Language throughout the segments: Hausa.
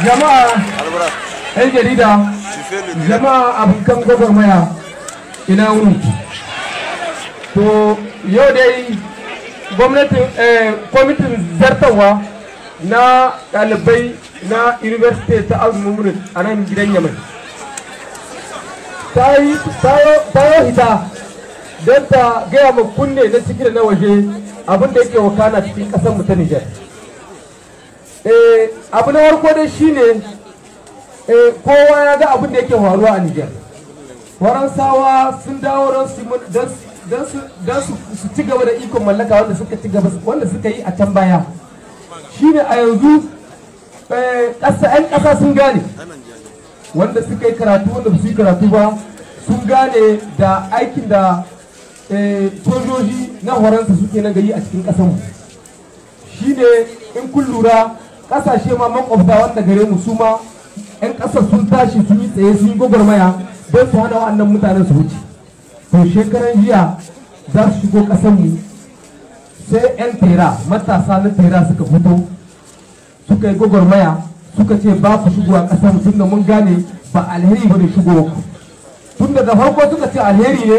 jama'a yan jarida jama'a abokan gwagwarmaya ina wuni to yau dai gwamnatin eh, kwamitin zartarwa na ɗalibai na university ta azumurin a nan gidan yamai ta yi hita don ta gaya ma kunne na ciki da na waje abinda yake wakana cikin ƙasar mu ta nijar Eh, abu na farko dai shine eh, kowa ya ga abin da yake faruwa a Nijar. Faransawa sun dawo don su ci gaba da ikon mallaka wanda suka ci gaba wanda suka yi a can baya ne a yanzu eh, ƙasa ƴan ƙasa sun gane wanda suka yi karatu wanda su yi karatu ba sun gane da aikin da sojoji na faransa suke na gari a cikin ƙasa mu ne in kun lura kasashe ma makwabta wanda gare mu su ma 'yan kasar sun tashi sun yi tsaye sun yi gwagwarmaya don su hana wa'annan mutanen su wuce to shekaran jiya za su shigo kasar mu sai 'yan tera matasa na tera suka fito suka yi gwagwarmaya suka ce ba ku shigo a kasar tun da mun gane ba alheri ba ne shigo tun da farko suka ce alheri ne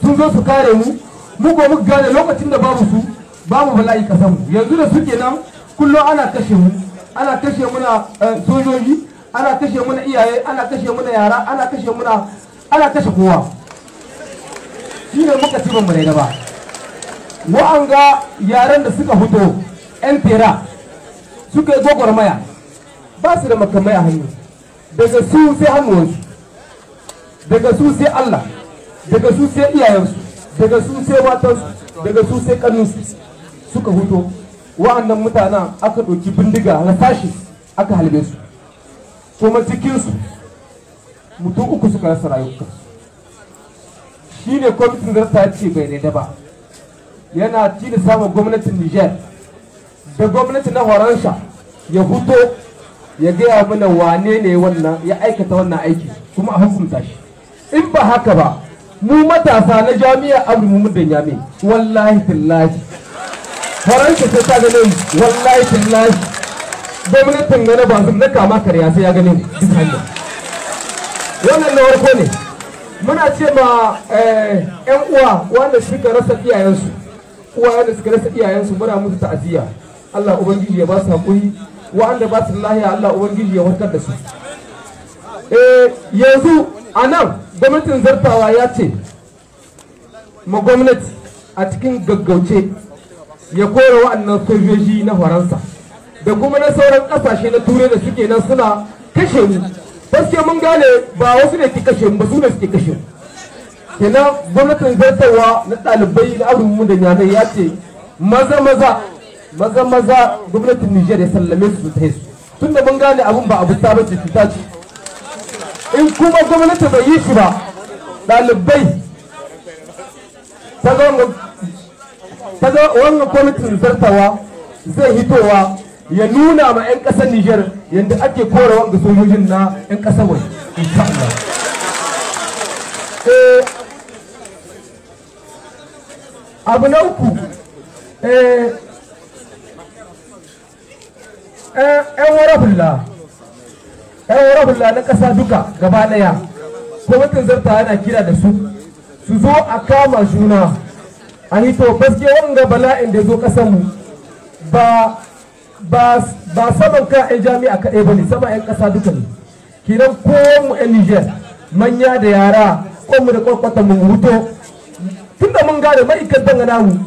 sun zo su kare mu mu ko muka gane lokacin da babu su babu bala'i kasar mu yanzu da suke nan kullum ana kashe mu ana kashe muna eh, sojoji ana kashe muna iyaye ana kashe muna yara ana kashe muna ana kashe kowa shi ne muka ci bambare da ba wa'anga yaran da suka fito yan tera suka yi maya ba su da makamai a hannu daga su sai hannuwansu daga su sai Allah daga su sai iyayensu daga su sai matansu daga su sai kanunsu suka huto wa'annan mutanen aka ɗauki bindiga na sashi aka halbe su kuma cikinsu mutum uku suka rasa rayukansu shi ne kwamitin zarta ce bai daidai ba yana da samun gwamnatin niger da gwamnati na horansha ya huto ya gaya mana wane ne wannan ya aikata wannan aiki kuma a hukunta shi in ba haka ba mu matasa na jami'ar abu mu mudan yami wallahi tallahi faransa sai ta gane wallahi tallahi gwamnatin na ba su na kama karya sai ya gane duk hanyar wannan na farko ne muna ce ma yan eh, uwa wanda suka rasa iyayensu uwa wanda suka rasa iyayensu muna musu ta'aziyya Allah ubangiji ya ba su hakuri wa'anda ba su lahiya Allah ubangiji ya warkar da su eh, yanzu a nan gwamnatin zartawa ya ce ma gwamnati a cikin gaggauce ya kore wa'annan sojoji na faransa da kuma na sauran kasashe na turai da suke nan suna kashe mu gaskiya mun gane ba wasu ne ke kashe mu ba su ne suke kashe mu kenan gwamnatin zartarwa na ɗalibai na mu da nyamai ya ce maza maza maza maza gwamnatin nijar ya sallame su ta su tunda mun gane abin ba abu ta bace cuta ce in kuma gwamnati bai yi shi ba ɗalibai ta zama kaga wannan kwamitin zartawa zai hitowa ya nuna ma 'yan ƙasar Nijar yadda ake kora ga sojojin na 'yan ƙasar wai. insha Allah eh, abu na uku eh warabulla eh warabulla na ƙasa duka gaba ɗaya Kwamitin zartawa yana kira da su su zo a kama juna ani to gaskiya wanga bala'in da zo kasan mu ba ba ba saman ka ai jami'a kaɗai bane sama ai kasa duka ne kiran ko mu ɗan Niger manya da yara ko mu da kwakwata mu huto tunda mun gane ma'aikatan gana mu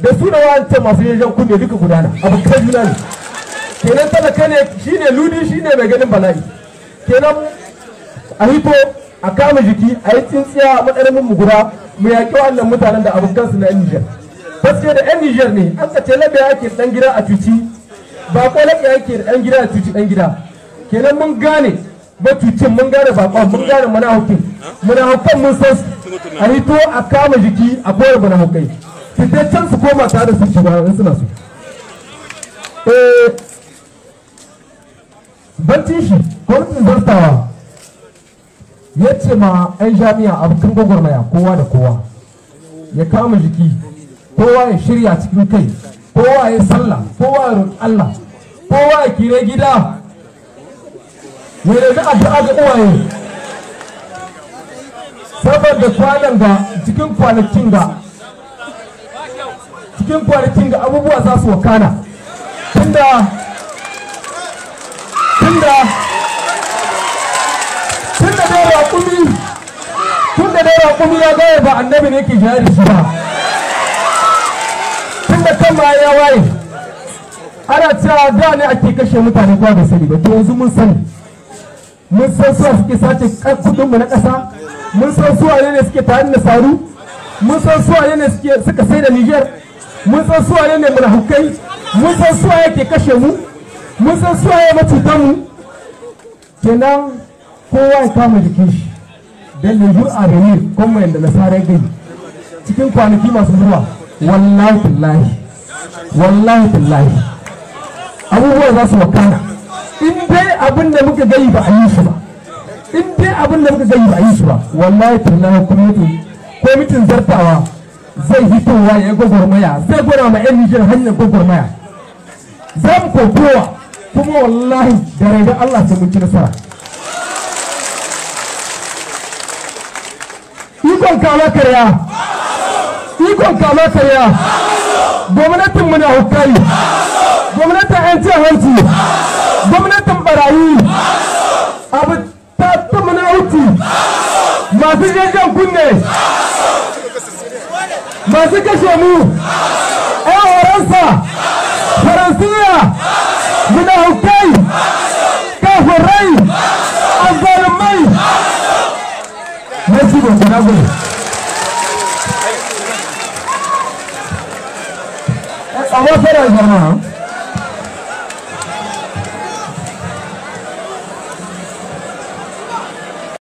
da su da wanta masu yajen kunne duka gudana abu kai juna ne kenan talaka ne shine ludi shine mai ganin bala'i kenan a hito a kama jiki a yi tsintsiya a matsalamin mu guda mu yaƙi wannan mutanen da abokansu na Niger gaskiya da yan Niger ne an ka ce da yake dan gida a cuci ba ko labe yake dan gida a cuci dan gida kenan mun gane ba matucin mun gane ko mun gane munafukin munafukan mun san a hito a kama jiki a kore munafukai fitaccen su koma tare da su ci in suna su eh shi gwamnatin zartawa ya ce ma 'yan jami'a a cikin gwagwarmaya kowa da kowa ya kama jiki kowa ya shirya cikin kai kowa ya sallah kowa ya roƙi Allah kowa ya kire gida ya nemi addu'a ga uwaye saboda kwanan ga cikin kwanakin ga cikin kwanakin ga abubuwa za su wakana tunda tunda tun da dai raƙumi tun da dai raƙumi ya gaya ba annabi ne ke jihari su ba tun da kan ma ya waye ana cewa da ne ake kashe mutane kuwa da sani ba to yanzu mun sani mun san suwa suke sace kudin mu na ƙasa mun san suwa ne suke tare da saru mun san suwa ne suka sai da Niger mun san suwa ne mulhukai mun san suwa yake kashe mu mun san suwa ya mututan mu kenan kowa ya kama jiki shi don yanzu a bane kuma yadda nasarar gai cikin kwanaki masu zuwa wallahi tallahi wallahi tallahi abubuwa za su wakana in dai abin da muka gai ba a yi shi ba in dai abin da muka gai ba a yi shi ba wallahi kuma kwamitin kwamitin zartawa zai hitowa ya gwagwarmaya zai gwada ma yan nijar hanyar gwagwarmaya Zan kokowa kuma wallahi da raidan allah sai mun nasara ikon kama karya ikon kama karya gwamnatin muna hukai gwamnatin yan cin hanci gwamnatin barayi abu ta ta muna hutu masu yankan kunne masu kashe mu yan horonsa faransiya muna rai kafirai mai. É a Agora, peraí, irmão.